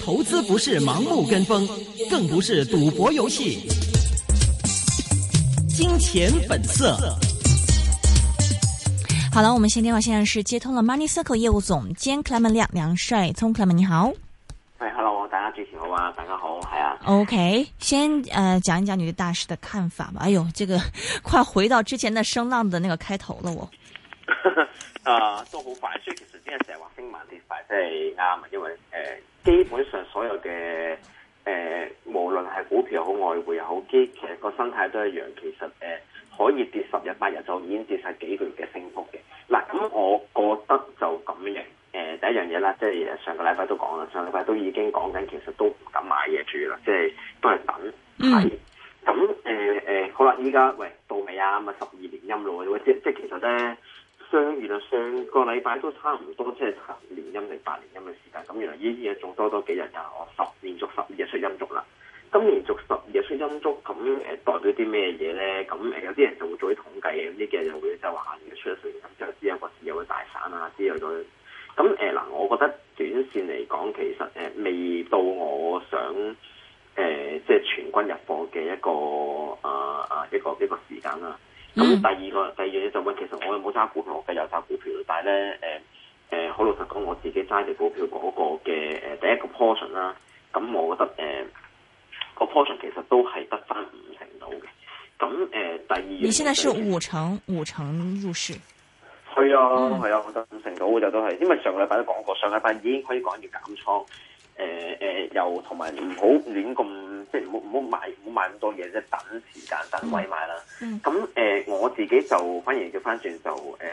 投資不是盲目跟風，更不是賭博遊戲。金錢本色。好了，我們先電話，現在是接通了 Money Circle 業務總監 Clarence 梁帥聰 Clarence 你好。喂，Hello，大家主持好啊，大家好，係啊。OK，先呃講一講你對大師的看法吧。哎呦，這個快回到之前的聲浪的那個開頭了，我。啊，都好快，所以其實啲人成日話升慢跌快，真係啱。因為誒、呃，基本上所有嘅誒、呃，無論係股票又好，外匯又好，基，其實個生態都一樣。其實誒、呃，可以跌十日、八日，就已經跌晒幾個月嘅升幅嘅。嗱、啊，咁、嗯、我覺得就咁樣。誒、呃，第一樣嘢啦，即係上個禮拜都講啦，上個禮拜都已經講緊，其實都唔敢買嘢住啦，即係都係等。嗯。咁誒誒，好啦，依、呃、家、呃、喂到尾啊？啊，十二年陰路啊，即即其實咧。上原來上個禮拜都差唔多，即係十年陰定八年陰嘅時間。咁、嗯、原來呢啲嘢仲多多幾日㗎。我十連續十二日出陰燭啦。今年連續十二日出陰燭，咁誒代表啲咩嘢咧？咁誒有啲人就會做啲統計，啲嘅又會就話出年一歲咁之後之後個市有個大反啊之類咁。咁誒嗱，我覺得短線嚟講，其實誒、呃、未到我想誒、呃、即係全軍入貨嘅一個啊啊、呃、一個一個，一個時間啦。咁、嗯嗯、第二個第二樣嘢就話、是，其實我冇揸股票，我計有揸股票，但係咧誒誒，好老實講，我自己揸嘅股票嗰個嘅誒、呃、第一個 portion 啦、啊，咁我覺得誒個、呃、portion 其實都係得翻五成到嘅。咁、嗯、誒第二、就是，你現在是五成五成入市？係、嗯、啊，係啊，我得五成到就都係，因為上個禮拜都講過，上個禮拜已經可以講住減倉，誒、呃、誒、呃，又同埋唔好亂咁。即係唔好買，唔好買咁多嘢，即係等時間等位買啦。咁誒、嗯呃，我自己就反而叫翻轉就誒誒、呃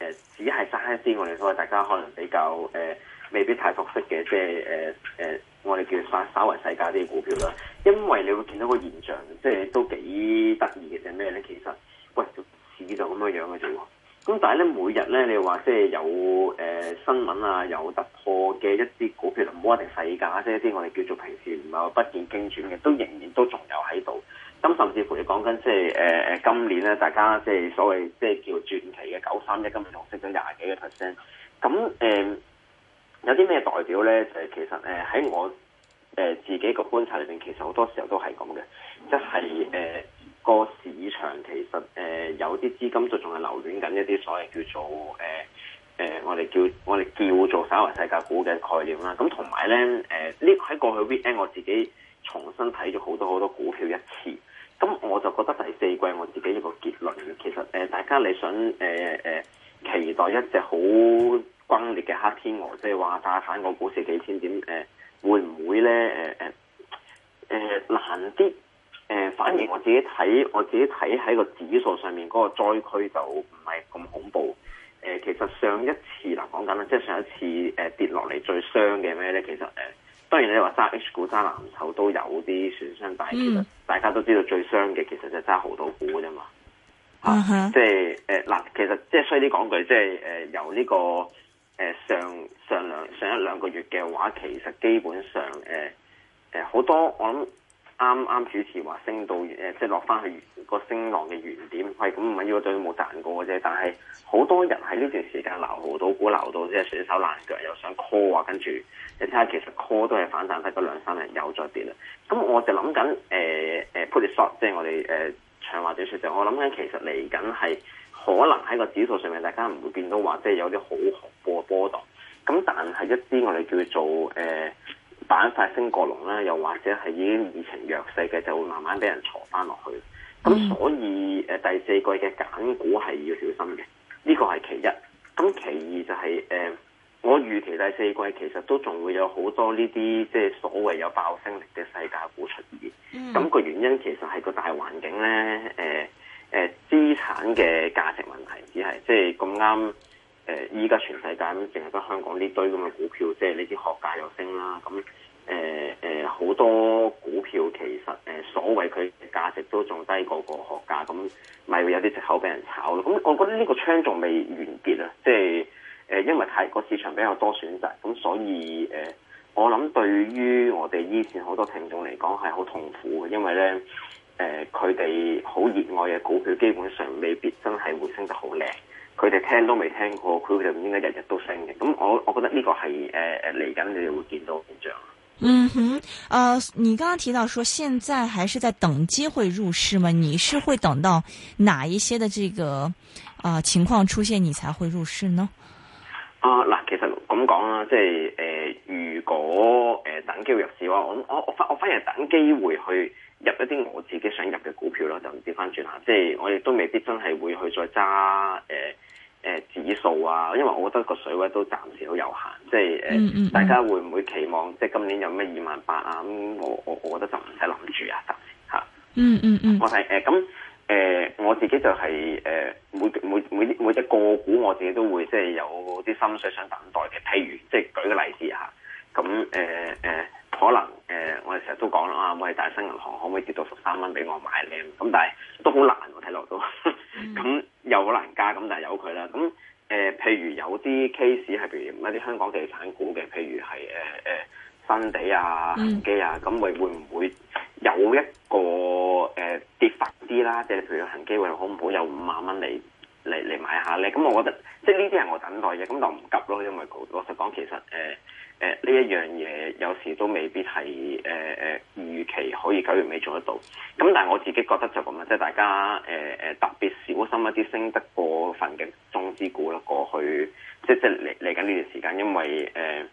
呃，只係揸一啲我哋所謂大家可能比較誒、呃，未必太熟悉嘅，即係誒誒，我哋叫稍稍為細價啲嘅股票啦。因為你會見到個現象，即係都幾得意嘅，即係咩咧？其實，喂，市就咁樣樣嘅啫。咁但係咧，每日咧，你話即係有誒、呃、新聞啊，有突破嘅一啲股票，唔好話定細價，即係一啲我哋叫做平時唔係話不見經傳嘅，都仍然都仲有喺度。咁甚至乎你講緊即係誒誒，今年咧，大家即係所謂即係叫傳奇嘅九三一，今日同升咗廿幾個 percent。咁誒、呃，有啲咩代表咧？就係、其實誒喺、呃、我誒、呃、自己個觀察裏面，其實好多時候都係咁嘅，即係誒。呃個市場其實誒、呃、有啲資金就仲係留戀緊一啲所謂叫做誒誒、呃呃、我哋叫我哋叫做稍為世界股嘅概念啦，咁同埋咧誒呢喺、呃、過去 week end 我自己重新睇咗好多好多股票一次，咁我就覺得第四季我自己一個結論，其實誒、呃、大家你想誒誒、呃、期待一隻好轟烈嘅黑天鵝，即係話大反個股市幾千點，誒、呃、會唔會咧？誒誒誒難啲。誒、呃，反而我自己睇，我自己睇喺個指數上面嗰，那個災區就唔係咁恐怖。誒、呃，其實上一次嗱，講緊咧，即係上一次誒、呃、跌落嚟最傷嘅咩咧？其實誒、呃，當然你話揸 H 股、揸藍籌都有啲損傷，但係其實大家都知道最傷嘅其實就係揸好多股嘅啫嘛。啊，mm hmm. 啊即係誒嗱，其實即係、呃、衰啲講句，即係誒、呃、由呢、這個誒、呃、上上兩上一兩個月嘅話，其實基本上誒誒好多我諗。啱啱主持話，升到，誒、呃、即係落翻去、個升浪嘅原點，係咁唔係呢個對都冇賺過嘅啫。但係好多人喺呢段時間鬧好到股鬧到，即係損手爛腳又想 call 啊，跟住你睇下其實 call 都係反彈得個兩三釐有咗啲啦。咁我就諗緊誒誒 put it short，即係我哋誒長話短說，就、呃、我諗緊其實嚟緊係可能喺個指數上面大家唔會變到話即係有啲好恐怖嘅波動，咁但係一啲我哋叫做誒。呃板塊升過龍啦，又或者係已經異常弱勢嘅，就會慢慢俾人挫翻落去。咁、嗯、所以誒、呃、第四季嘅揀股係要小心嘅，呢、這個係其一。咁其二就係、是、誒、呃，我預期第四季其實都仲會有好多呢啲即係所謂有爆升力嘅世界股出現。咁個、嗯、原因其實係個大環境咧，誒誒資產嘅價值問題，只係即係咁啱。誒依家全世界咁，淨係得香港呢堆咁嘅股票，即係呢啲學界又升啦。咁誒誒，好、呃呃、多股票其實誒、呃，所謂佢嘅價值都仲低過個學價，咁咪會有啲藉口俾人炒咯。咁我覺得呢個窗仲未完結啊，即係誒，因為泰國市場比較多選擇，咁所以誒、呃，我諗對於我哋以前好多聽眾嚟講係好痛苦嘅，因為咧誒，佢哋好熱愛嘅股票，基本上未必真係會升得好靚。佢哋聽都未聽過，佢哋唔應該日日都升嘅。咁我我覺得呢個係誒嚟緊，呃、你哋會見到嘅現象。嗯哼，誒你剛剛提到說，現在還是在等機會入市嗎？你是會等到哪一些的這個啊、呃、情況出現，你才會入市呢？啊嗱、呃，其實咁講啦，即係誒、呃，如果誒、呃、等機會入市嘅話，我我我我反而等機會去入一啲我自己想入嘅股票囉，就唔知翻轉啦。即係我亦都未必真係會去再揸誒。呃呃誒、呃、指數啊，因為我覺得個水位都暫時好有限，即係誒、呃嗯嗯嗯、大家會唔會期望即係今年有咩二萬八啊？咁我我我覺得就唔使諗住啊，暫時嚇。嗯嗯嗯我，我睇誒咁誒，我自己就係、是、誒、呃、每每每每隻個，個股，我自己都會即係有啲心水想等待嘅。譬如即係舉個例子嚇，咁誒誒可能誒、呃、我哋成日都講啦，啊我哋大新銀行可唔可以跌到十三蚊俾我買咧？咁、嗯、但係都好難喎、啊，睇落都。有可能加咁，但係有佢啦。咁誒、呃，譬如有啲 case 係，譬如一啲香港地產股嘅，譬如係誒誒新地啊、恒基啊，咁會會唔會有一個誒、呃、跌翻啲啦？即係譬如恒基會，會好唔好有五萬蚊嚟嚟嚟買下咧？咁我覺得即係呢啲係我等待嘅，咁就唔急咯。因為老實講，其實誒誒呢一樣嘢有時都未必係誒誒預期可以九月尾做得到。咁但係我自己覺得就咁、是、啊，即係大家誒誒、呃、特別。好深一啲升得過份嘅中資股啦，過去即係即係嚟嚟緊呢段時間，因為誒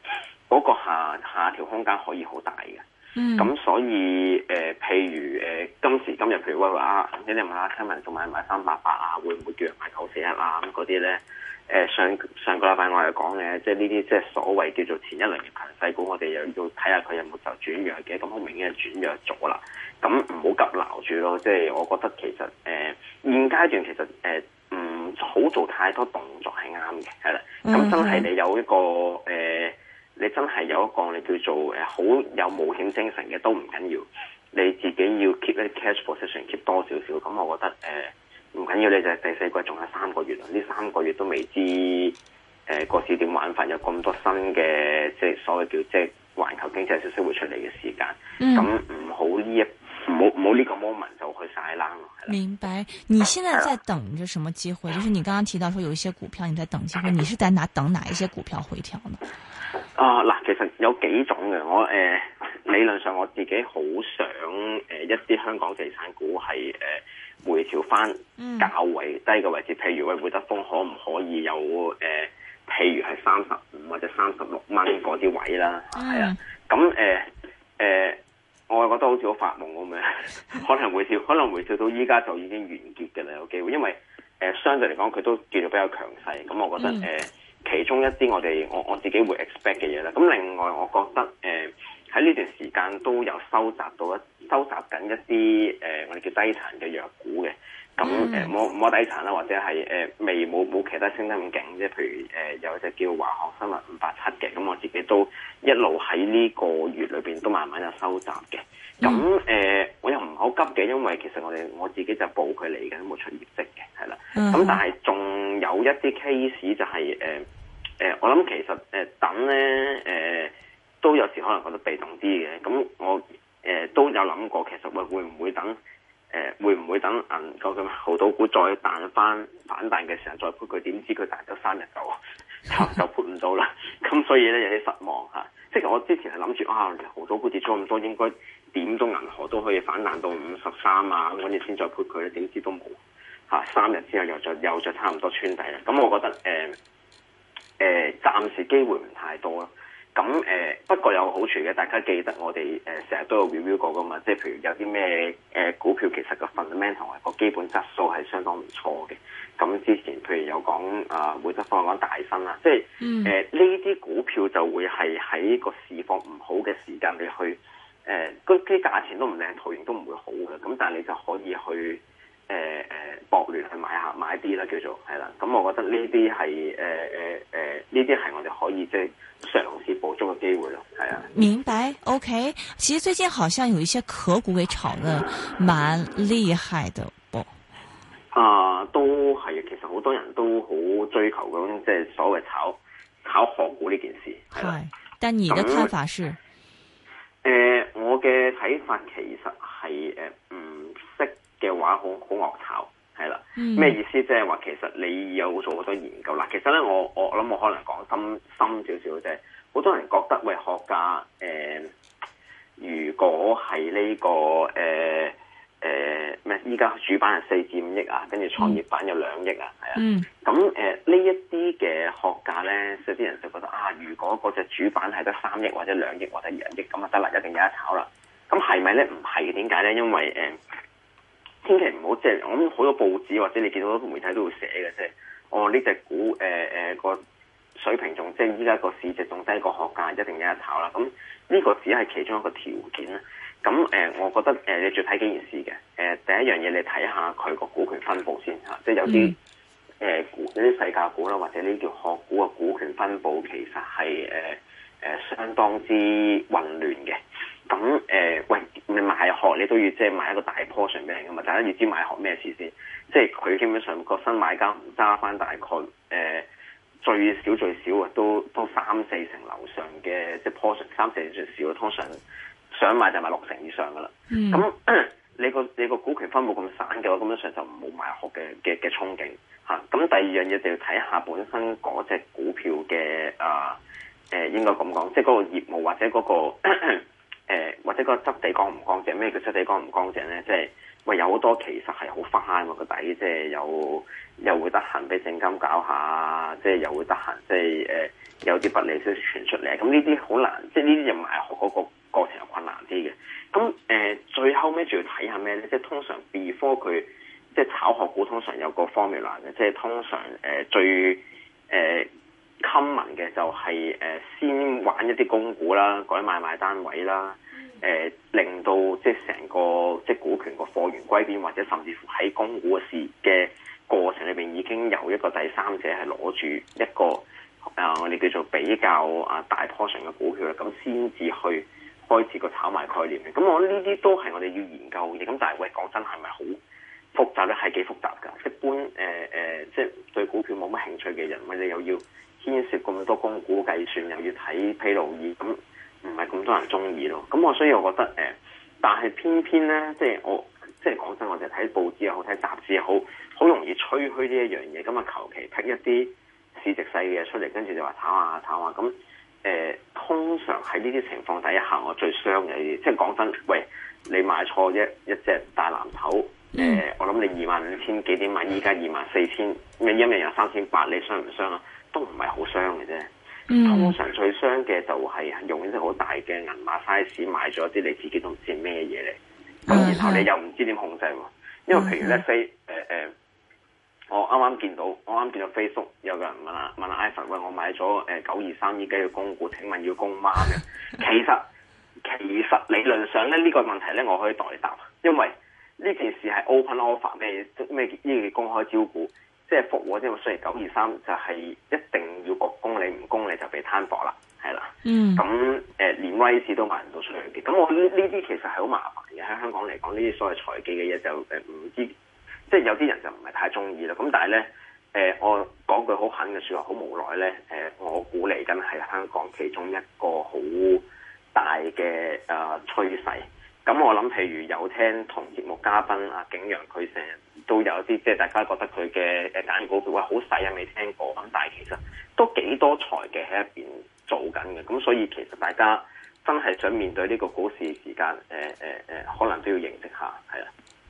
嗰個下下調空間可以好大嘅，咁所以誒譬如誒今時今日譬如話啊，你哋買啦，興民同埋買三八八啊，會唔會跌埋九四一啊咁嗰啲咧？誒、呃、上上個禮拜我係講嘅，即係呢啲即係所謂叫做前一輪嘅強勢股，我哋又要睇下佢有冇就轉弱嘅，咁好明顯係轉弱咗啦。咁唔好急撈住咯，即係我覺得其實誒、呃、現階段其實誒、呃、嗯唔好做太多動作係啱嘅，係啦。咁、mm hmm. 真係你有一個誒、呃，你真係有一個你叫做誒好、呃、有冒險精神嘅都唔緊要，你自己要 keep 啲 cash position，keep 多少少，咁我覺得誒。呃唔緊要，你就係第四季仲有三個月啦。呢三個月都未知，誒個市點玩法，有咁多新嘅，即係所謂叫即係環球經濟消息會出嚟嘅時間。咁唔好呢一，冇冇呢個 moment 就去晒冷。明白，你現在在等着什麼機會？呃、就是你剛剛提到說有一些股票你在等機會，呃、你是在哪等哪一些股票回調呢？啊嗱、呃呃，其實有幾種嘅，我誒、呃、理論上我自己好想誒、呃、一啲香港地產股係誒。呃回調翻較為、嗯、低嘅位置，譬如喂，會德豐可唔可以有誒、呃？譬如係三十五或者三十六蚊嗰啲位啦，係啦、嗯。咁誒誒，我覺得好似好發夢咁樣，可能回調， 可能回調到依家就已經完結嘅啦，有機會，因為誒、呃、相對嚟講佢都叫做比較強勢，咁我覺得誒、嗯呃、其中一啲我哋我我自己會 expect 嘅嘢啦。咁另外我覺得誒。呃呃喺呢段時間都有收集到一收集緊一啲誒我哋叫低殘嘅藥股嘅，咁誒冇冇低殘啦，或者係誒未冇冇其他升得咁勁啫。譬如誒、呃、有一隻叫華航生物五百七嘅，咁、嗯、我自己都一路喺呢個月裏邊都慢慢有收集嘅。咁、嗯、誒、呃、我又唔好急嘅，因為其實我哋我自己就報佢嚟嘅，冇出業績嘅，係啦。咁、嗯嗯嗯、但係仲有一啲 case 就係誒誒，我諗其實誒、呃、等咧誒。呃呃都有時可能覺得被動啲嘅，咁我誒、呃、都有諗過，其實會會唔會等誒、呃、會唔會等銀講咁？咩，濠賭股再彈翻反彈嘅時候再盤佢，點知佢彈咗三日到，就就盤唔到啦。咁所以咧有啲失望嚇，即、啊、係、就是、我之前係諗住啊，濠賭股跌咗咁多，應該點都銀河都可以反彈到五十三啊，咁跟住先再盤佢咧，點知都冇嚇、啊，三日之後又再又再差唔多穿底啦。咁我覺得誒誒、呃呃、暫時機會唔太多啦。咁誒、呃、不過有好處嘅，大家記得我哋誒成日都有 review 過噶嘛，即係譬如有啲咩誒股票其實個 fundamental 同埋個基本質素係相當唔錯嘅。咁之前譬如有講啊，會、呃、德方講大新啦，即係誒呢啲股票就會係喺個市況唔好嘅時間你去誒嗰啲價錢都唔靚，圖形都唔會好嘅。咁但係你就可以去。誒誒，博亂去買下買啲啦，叫做係啦。咁我覺得呢啲係誒誒誒，呢啲係我哋可以即係嘗試捕捉嘅機會咯。係啊，明白。OK。其實最近好像有一些殼股，嘅炒得蠻厲害的。噃，啊，都係。其實好多人都好追求咁，即係所謂炒炒殼股呢件事。係，但你的看法是？誒，我嘅睇法其實係誒，嗯。嘅話好好惡炒，係啦，嗯，咩意思？即係話其實你有做好多研究啦。其實咧，我我諗我可能講深深少少啫。好多人覺得喂，學價誒、呃，如果係呢、這個誒誒咩？依、呃、家、呃、主板係四至五億啊，跟住創業板有兩億啊，係啊。咁誒、呃、呢一啲嘅學價咧，有啲人就覺得啊，如果嗰隻主板係得三億或者兩億或者兩億咁啊得啦，一定有得炒啦。咁係咪咧？唔係點解咧？因為誒。呃我即係咁，好多報紙或者你見到好多媒體都會寫嘅啫。哦，呢隻股誒誒個水平仲，即係依家個市值仲低個殼價，一定有一炒啦。咁、啊、呢、這個只係其中一個條件啦。咁、啊、誒、呃，我覺得誒、呃，你再睇幾件事嘅。誒、呃，第一樣嘢你睇下佢個股權分佈先吓、啊，即係有啲誒、嗯呃、股，呢啲細價股啦，或者呢啲叫殼股嘅股權分佈，其實係誒誒相當之混亂嘅。咁誒、呃，喂，你買殼你都要即係買一個大 portion 俾你噶嘛，大家要知買殼咩事先，即係佢基本上個新買家唔揸翻大概誒、呃、最少最少啊，都都三四成樓上嘅即係 portion，三四成最少啊，通常想買就買六成以上噶啦。咁、嗯、你個你個股權分佈咁散嘅話，我根本上就冇買殼嘅嘅嘅憧憬嚇。咁、啊、第二樣嘢就要睇下本身嗰隻股票嘅啊誒、呃，應該咁講，即係嗰個業務或者嗰、嗰個。咳咳誒、呃、或者個質地乾唔乾淨？咩叫質地乾唔乾淨咧？即係喂，有好多其實係好花啊嘛，個底，即係有又會得閒俾正金搞下，即係又會得閒，即係誒、呃、有啲不利消息傳出嚟。咁呢啲好難，即係呢啲就賣股嗰個過程困難啲嘅。咁、嗯、誒、呃、最後尾仲要睇下咩咧？即係通常 B 科佢即係炒學股，通常有個方 o r 嘅，即係通常誒、呃、最誒。呃坑民嘅就係、是、誒、呃、先玩一啲公股啦，改買賣單位啦，誒、呃、令到即係成個即係股權個貨源歸邊，或者甚至乎喺公股嘅時嘅過程裏邊已經有一個第三者係攞住一個啊我哋叫做比較啊大 portion 嘅股票啦，咁先至去開始個炒賣概念嘅。咁我呢啲都係我哋要研究嘅。咁但係喂講真係咪好複雜咧？係幾複雜㗎？一般誒誒、呃呃、即係對股票冇乜興趣嘅人，或者又要，牽涉咁多公估計算，又要睇披露易，咁唔係咁多人中意咯。咁我所以，我覺得誒、呃，但係偏偏咧，即係我即係講真，我就睇報紙又好，睇雜誌又好，好容易吹噓呢一樣嘢。咁啊，求其剔一啲市值細嘅出嚟，跟住就話炒下炒下。咁誒、呃，通常喺呢啲情況底下，我最傷嘅，即係講真，喂，你買錯一一隻大藍籌，誒、呃，我諗你二萬五千幾點買，依家二萬四千，咩陰人有三千八，你傷唔傷啊？都唔係好傷嘅啫，通常最傷嘅就係用一隻好大嘅銀碼 size 買咗啲你自己都唔知咩嘢嚟，咁然後你又唔知點控制喎。因為譬如咧，say、嗯哼呃、我啱啱見到，我啱見到 Facebook 有個人問啊問阿 Evan 喂，我買咗誒九二三依家要供股，請問要供媽咩？ 其實其實理論上咧呢、呢個問題咧我可以代答，因為呢件事係 open offer 咩咩呢個公開招股。即係復我，即係雖然九二三就係一定要焗供你，唔供你就被攤薄啦，係啦。嗯。咁、呃、誒連威士都賣唔到出去嘅，咁我呢呢啲其實係好麻煩嘅。喺香港嚟講，呢啲所謂財技嘅嘢就誒唔、呃、知，即係有啲人就唔係太中意啦。咁但係咧誒，我講句好狠嘅説話，好無奈咧誒、呃，我估嚟緊係香港其中一個好大嘅誒趨勢。咁、呃、我諗譬如有聽同節目嘉賓啊、景陽佢成。都有啲即係大家覺得佢嘅誒單股，哇、呃、好細啊，未聽過咁，但係其實都幾多才嘅喺入邊做緊嘅，咁、嗯、所以其實大家真係想面對呢個股市時間，誒誒誒，可能都要認識下，係啦。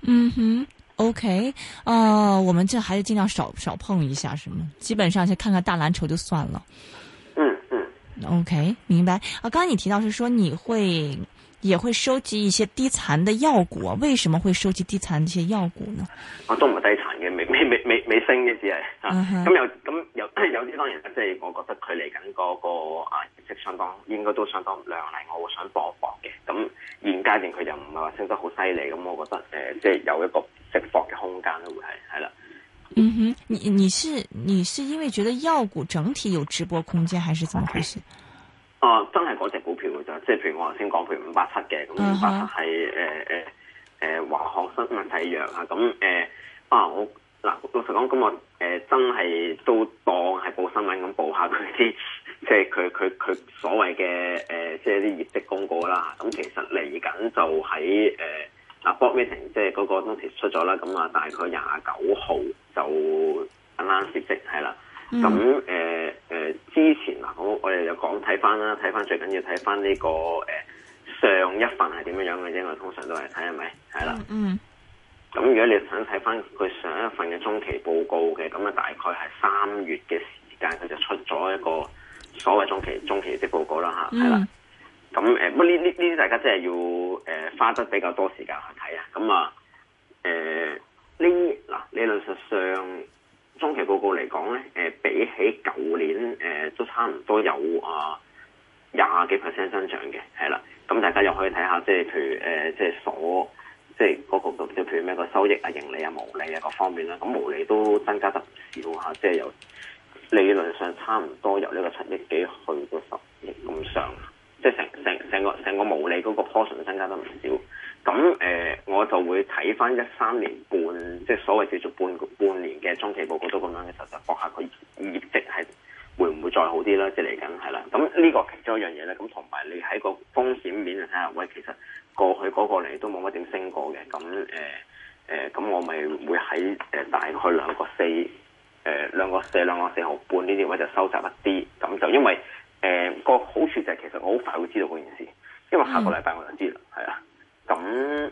嗯哼，OK，啊、呃，我們就還是儘量少少碰一下，是嘛？基本上就看看大藍籌就算了。嗯嗯，OK，明白。啊，剛剛你提到是說你會。也會收集一些低殘嘅藥股，啊，為什麼會收集低殘啲些藥股呢？我、啊、都唔係低殘嘅，未未未未升嘅只係咁有咁有有啲當然即係我覺得佢嚟緊嗰個啊業績相當，應該都相當亮麗，我會想博一博嘅。咁現階段佢又唔係話升得好犀利，咁我覺得誒，即係有一個釋放嘅空間都會係係啦。嗯哼，你你是你是因為覺得藥股整體有直播空間，還是怎麼回事？哦，真係隻股。即係譬如我頭先講，譬如五百七嘅，咁五百七係誒誒誒化學生聞第一樣啊，咁誒啊我嗱老實講，咁我誒真係都當係報新聞咁報下佢啲，即係佢佢佢所謂嘅誒，即係啲業績公告啦。咁其實嚟緊就喺誒啊，board meeting 即係嗰個都提出咗啦。咁啊，大概廿九號就 announce 息息係啦。咁誒。誒，之前嗱，好，我哋就講睇翻啦，睇翻最緊要睇翻呢個誒、呃、上一份係點樣樣嘅啫，我通常都係睇係咪，係啦，嗯，咁如果你想睇翻佢上一份嘅中期報告嘅，咁啊大概係三月嘅時間佢就出咗一個所謂中期中期嘅報告啦，吓，係啦、嗯，咁誒，不呢呢呢啲大家真係要誒花得比較多時間去睇啊，咁啊，誒呢嗱理論上。中期報告嚟講咧，誒、呃、比起舊年誒、呃、都差唔多有啊廿幾 percent 增長嘅，係啦，咁大家又可以睇下即係譬如誒、呃、即係所即係、那、嗰個度，譬如咩個收益啊、盈利啊、毛利啊各方面啦，咁毛利都增加得唔少嚇、啊，即係由理論上差唔多由呢個七億幾去到十億咁上，即係成成成個成個，成個毛利嗰個 portion 增加得唔少。咁誒、呃，我就會睇翻一三年半，即係所謂叫做半半年嘅中期報告都咁樣嘅時候，就博下佢業績係會唔會再好啲啦。即係嚟緊係啦。咁呢個其中一樣嘢咧，咁同埋你喺個風險面睇下，喂，其實過去嗰個嚟都冇乜點升過嘅。咁誒誒，咁、呃呃、我咪會喺誒大概兩個四誒兩、呃、個四兩個四毫半呢啲位就收窄一啲。咁就因為誒、呃、個好處就係其實我好快會知道嗰件事，因為下個禮拜我就知啦，係啦。咁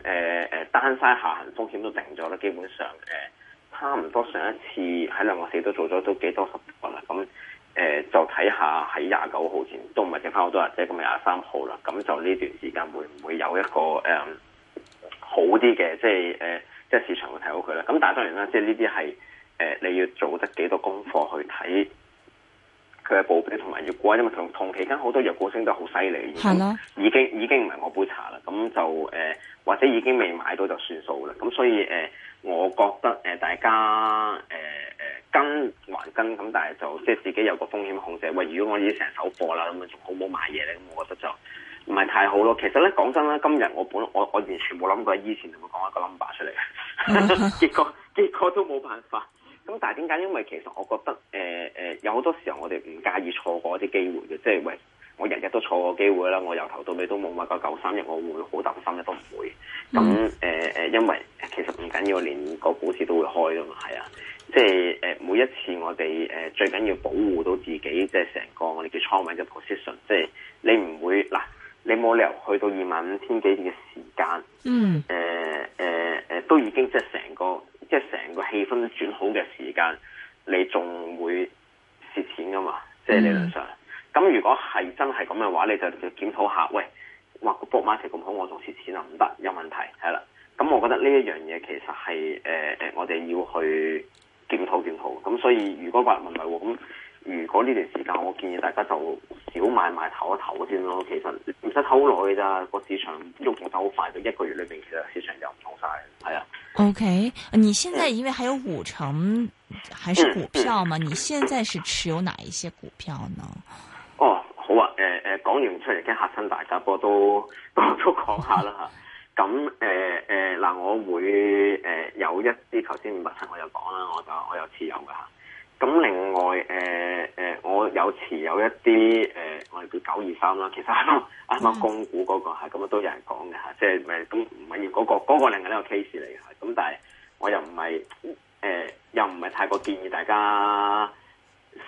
誒誒單晒下行風險都定咗啦，基本上誒、呃、差唔多上一次喺兩個四都做咗都幾多十個啦，咁誒就睇下喺廿九號前都唔係剩翻好多日，即係咁咪廿三號啦，咁就呢段時間會唔會有一個誒、呃、好啲嘅，即係誒、呃、即係市場會睇好佢啦。咁但係當然啦，即係呢啲係誒你要做得幾多功課去睇。佢嘅暴跌同埋弱股，因為同同期間好多弱股升得好犀利，已經已經唔係我杯茶啦。咁就誒、呃，或者已經未買到就算數啦。咁所以誒、呃，我覺得誒、呃、大家誒誒、呃、跟還跟咁，但係就即係自己有個風險控制。喂，如果我已經成手貨啦，咁咪仲好唔好買嘢咧？咁我覺得就唔係太好咯。其實咧講真啦，今日我本我我完全冇諗過以前同佢講一個 number 出嚟、uh huh. 結果結果都冇辦法。咁但係點解？因為其實我覺得誒誒、呃呃、有好多時候我哋唔介意錯過一啲機會嘅，即係喂，我日日都錯過機會啦，我由頭到尾都冇買個九三日，我會好擔心嘅都唔會。咁誒誒，因為其實唔緊要，連個股市都會開啊嘛，係啊，即係誒、呃、每一次我哋誒、呃、最緊要保護到自己，即係成個我哋叫倉位嘅 position，即係你唔會嗱，你冇理由去到二萬五千幾嘅時間，嗯、呃，誒誒誒，都已經即係成個。即係成個氣氛轉好嘅時間，你仲會蝕錢噶嘛？Mm hmm. 即係理論上。咁如果係真係咁嘅話，你就檢討下，喂，哇個 bull market 咁好，我仲蝕錢啊，唔得，有問題係啦。咁我覺得呢一樣嘢其實係誒誒，我哋要去檢討檢討。咁所以如果個人問題喎，咁如果呢段時間，我建議大家就少買買唞一唞先咯。其實唔使唞耐㗎，個市場喐咗得好快，到一個月裏邊，其實市場就唔同晒。係啊。O、okay. K，你現在因為還有五成，還是股票嗎？你現在是持有哪一些股票呢？哦，好啊，誒、呃、誒，講完出嚟，驚嚇親大家，我都我都講下啦吓。咁誒誒，嗱、嗯嗯呃呃呃，我會誒、呃、有一啲頭先問，我又講啦，我就我又持有噶吓。咁另外，誒、呃、誒，我有持有一啲誒、呃，我哋叫九二三啦，其實係咯，啱啱供股嗰個係，咁都有人講嘅，係，即係唔係咁唔緊要嗰個嗰個，另外一個 case 嚟嘅，咁但係我又唔係誒，又唔係太過建議大家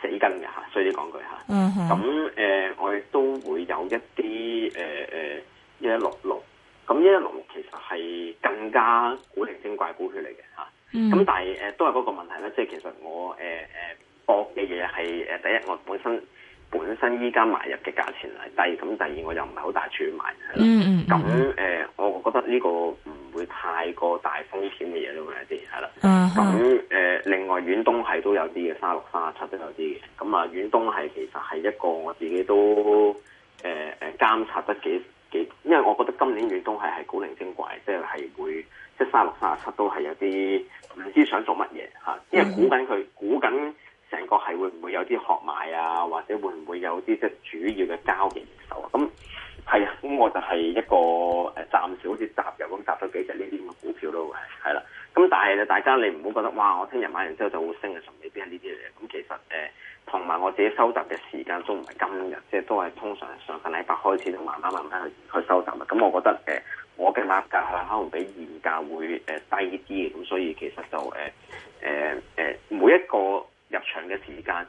死跟嘅嚇，所以講句嚇，咁、嗯、誒、呃，我亦都會有一啲誒誒一一六六，咁一一六六其實係更加古靈精怪股票嚟嘅嚇。咁、嗯、但係誒、呃、都係嗰個問題啦，即係其實我誒誒博嘅嘢係誒第一我本身本身依家買入嘅價錢係低，咁第二，第二我又唔係好大處去買，係啦。咁誒、嗯嗯呃、我覺得呢個唔會太過大風險嘅嘢咯，一啲係啦。咁誒另外遠東係都有啲嘅，三六、三七都有啲嘅。咁、嗯、啊遠東係其實係一個我自己都誒誒、呃、監察得幾。因為我覺得今年暖冬係係古靈精怪，即係係會即係卅六、卅七都係有啲唔知想做乜嘢嚇，因為估緊佢，估緊成個係會唔會有啲殼買啊，或者會唔會有啲即係主要嘅交易熱手啊咁。係啊，咁我就係一個誒，暫時好似集郵咁集咗幾隻呢啲咁嘅股票咯，係啦。咁但係咧，大家你唔好覺得哇，我聽日買完之後就會升啊，就未必係呢啲嘢。咁其實誒，同、呃、埋我自己收集嘅時間都唔係今日，即係都係通常上份禮拜開始，就慢慢慢慢去去收集嘅。咁我覺得誒、呃，我嘅價格係可能比現價會誒低啲嘅，咁所以其實就誒誒誒，每一個入場嘅時間誒、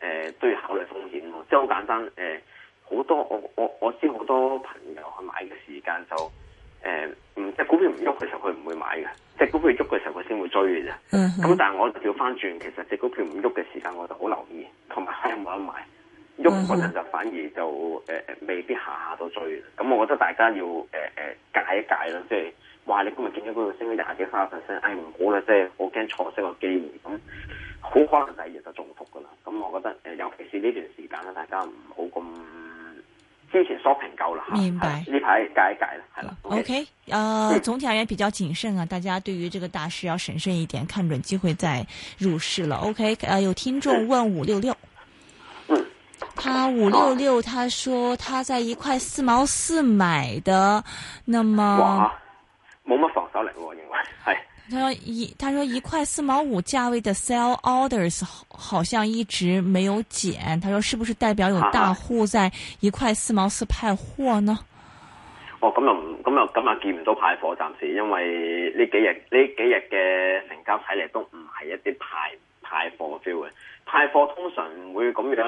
呃、都要考慮風險咯，即係好簡單誒。呃好多我我我知好多朋友去買嘅時間就誒，嗯、呃，即股票唔喐嘅時候佢唔會買嘅，即係股票喐嘅時候佢先會追嘅。嗯哼，咁但係我調返轉，其實隻股票唔喐嘅時間我就好留意，同埋睇有冇得買。喐嗰陣就反而就誒、呃、未必下下都追。咁、嗯嗯、哼我覺得大家要誒誒、呃呃、戒一戒咯，即係哇！你今日見咗股票升咗廿幾三十 percent，哎唔好啦，即係我驚錯失個機會。咁好可能第二日就中伏㗎喇。咁我覺得誒、呃，尤其是呢段時間咧，大家唔好咁。之前 shopping 夠啦，明白？呢排戒一戒啦，係啦。O、okay, K，呃，嗯、總體而言比較謹慎啊，大家對於這個大市要審慎一點，看準機會再入市啦。O、okay, K，呃，有聽眾問五六六，嗯，他五六六，他說他在一塊四毛四買的，啊、那麼冇乜防守力嘅、啊，我認為係。他說一，他說一塊四毛五價位的 sell orders 好像一直沒有減。他說，是不是代表有大戶在一塊四毛四派貨呢？哦，咁又唔，咁又咁又見唔到派貨，暫時因為呢幾日呢幾日嘅成交睇嚟都唔係一啲派派貨 feel 嘅。派貨通常唔會咁樣，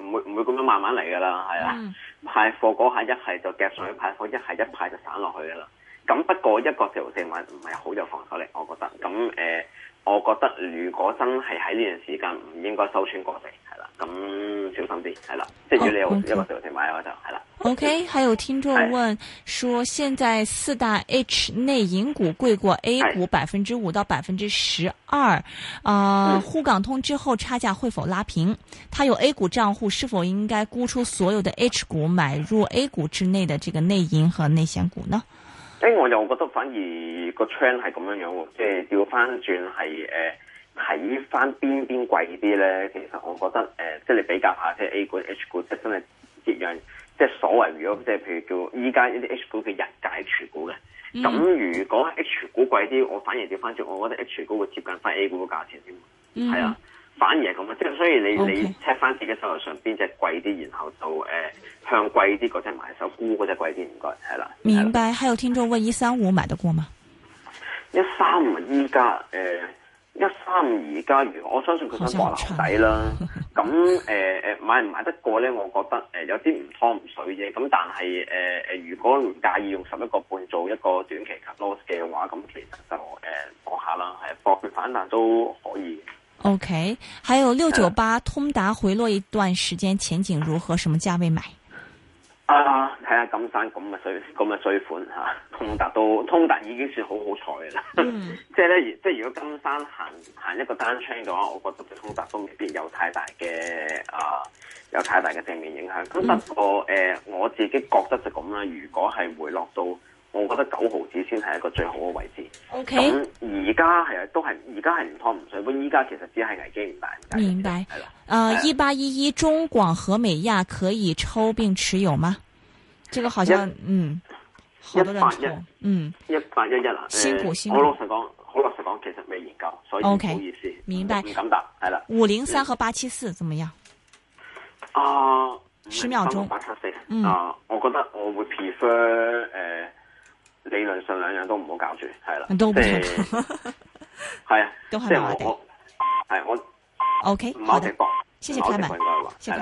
唔會唔會咁樣慢慢嚟噶啦，係啊派。派貨嗰下一係就夾上去派貨，一係一派就散落去噶啦。咁不過一個四油四物唔係好有防守力，我覺得。咁誒、呃，我覺得如果真係喺呢段時間唔應該收穿過嚟。係啦。咁小心啲，係啦。即係、oh, okay. 如果你有有個四油四物我就。係啦。O Okay, K，okay. 還有聽眾問，說現在四大 H 內銀股貴過 A 股百分之五到百分之十二，啊，滬港通之後差價會否拉平？他有 A 股賬戶，是否應該沽出所有的 H 股，買入 A 股之內的這個內銀和內險股呢？哎，我又覺得反而個 trend 係咁樣樣喎，即係調翻轉係誒睇翻邊邊貴啲咧。其實我覺得誒、呃，即係你比較下，即係 A 股、H 股，即係真係一樣。即係所謂如果即係譬如叫依家呢啲 H 股叫人解全股嘅，咁如果 H 股貴啲，我反而調翻轉，我覺得 H 股會接近翻 A 股個價錢添，係啊。嗯哼。反而係咁啊！即係所以你 Okay. 你 check 翻自己手頭上邊隻貴啲，然後就誒、呃、向貴啲嗰隻買手沽嗰隻貴啲，唔該，係啦。明白。還有聽眾問：一三五買得過嗎？一三五依家誒，一三五而家，如果我相信佢想落樓底啦。咁誒誒，買唔買得過咧？我覺得誒、呃、有啲唔湯唔水啫。咁但係誒誒，如果唔介意用十一個半做一個短期 cut loss 嘅話，咁其實就誒博、呃、下啦，係博佢反彈都可以。O、okay. K，還有六九八通達回落一段時間，前景如何？什麼價位買？啊，睇下金山咁嘅水，咁嘅水款吓，通達都通達已經算好好彩嘅啦。嗯，即係咧，即係如果金山行行一個單窗嘅話，我覺得對通達都未必有太大嘅啊，有太大嘅正面影響。咁不過誒，我自己覺得就咁啦。如果係回落到。我覺得九毫子先係一個最好嘅位置。O K。咁而家係啊，都係而家係唔拖唔水，不過依家其實只係危機唔大。明白。係啦。啊，一八一一中廣和美亞可以抽並持有嗎？這個好像嗯，好多人錯。嗯。一八一一啊。辛苦辛苦。我老實講，好老實講，其實未研究，所以唔好意思。明白。唔敢答。係啦。五零三和八七四怎麼樣？啊，十秒鐘。八七四。啊，我覺得我會 prefer 誒。理論上兩樣都唔好搞住，係啦，都係，係啊，都係，即係我我係我，OK，唔好停播，謝謝嘉賓，謝